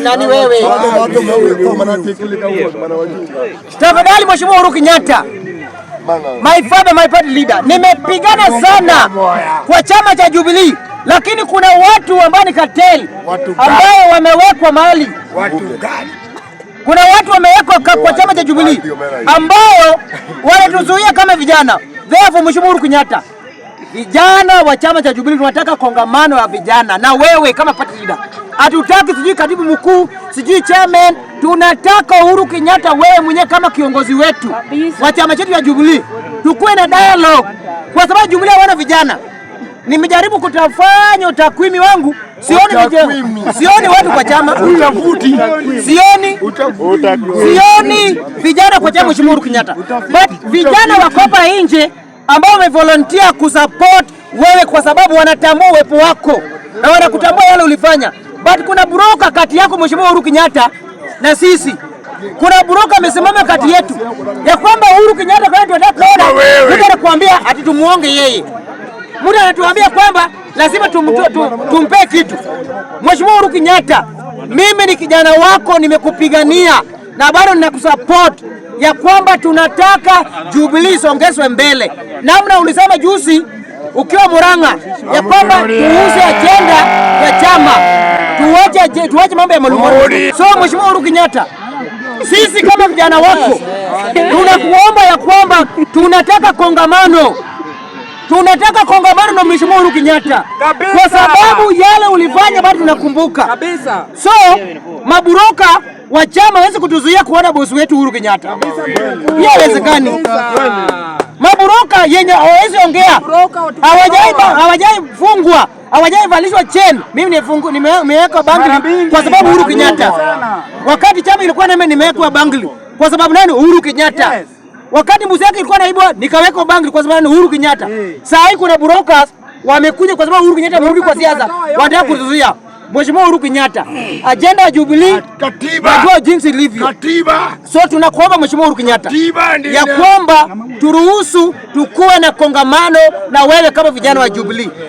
nani wewe? Tafadhali Mheshimiwa Uhuru Kenyatta, my father, my party leader, nimepigana sana kwa chama cha Jubilee, lakini kuna watu ambao ni kateli ambao wamewekwa mahali kuna watu wamewekwa kwa chama cha Jubilee ambao wanatuzuia kama vijana. Therefore, Mheshimiwa Uhuru Kenyatta Vijana wa chama cha Jubilee tunataka kongamano ya vijana na wewe kama party leader. Hatutaki sijui katibu mkuu, sijui chairman, tunataka Uhuru Kenyatta wewe mwenyewe kama kiongozi wetu wa chama chetu cha Jubilee. Tukuwe na dialogue kwa sababu Jubilee wana vijana. Nimejaribu kutafanya utakwimi wangu sioni vijana, sioni watu kwa chama, sioni sioni vijana kwa chama cha Uhuru Kenyatta, but vijana wakopa nje ambao wamevolontia kusupport wewe, kwa sababu wanatambua uwepo wako na wanakutambua yale ulifanya. But kuna broka kati yako Mheshimiwa Uhuru Kenyatta na sisi, kuna broka amesimama kati yetu ya kwamba Uhuru Kenyatta mtu anakuambia ati tumuonge yeye, mtu anatuambia kwamba lazima tumpe kitu. Mheshimiwa Uhuru Kenyatta, mimi ni kijana wako, nimekupigania na bado ninakusupport ya kwamba tunataka Jubilee isongezwe mbele, namna ulisema juzi ukiwa Murang'a ya kwamba tuuze ajenda ya chama, tuwache tuwache mambo ya malumuni. So Mheshimiwa Uhuru Kenyatta, sisi kama vijana wako tunakuomba ya kwamba tunataka kongamano tunataka kongamano na Mheshimiwa Uhuru Kenyatta kwa sababu yale ulifanya bado tunakumbuka kabisa. So maburoka wa chama hawezi kutuzuia kuona bosi wetu Uhuru Kenyatta, hiyo haiwezekani. Maburoka yenye hawezi ongea, hawajaifungwa hawajaivalishwa chen. Mimi nimewekwa bangli kwa sababu Uhuru Kenyatta, wakati chama ilikuwa nami nimewekwa bangli kwa sababu nani? Uhuru Kenyatta. Wakati Mbuseki ilikuwa naibwa nikaweka bangi kwa sababu Uhuru Kenyatta. Eh. Saa hii kuna brokers wamekuja kwa sababu Uhuru Kenyatta amerudi kwa siasa. Wanataka kuzuia. Mheshimiwa Uhuru Kenyatta, ajenda ya Jubilee ah, katiba. ndio jinsi ilivyo. Katiba. So tunakuomba Mheshimiwa Uhuru Kenyatta ya kwamba turuhusu tukuwe na kongamano na wewe kama vijana wa Jubilee.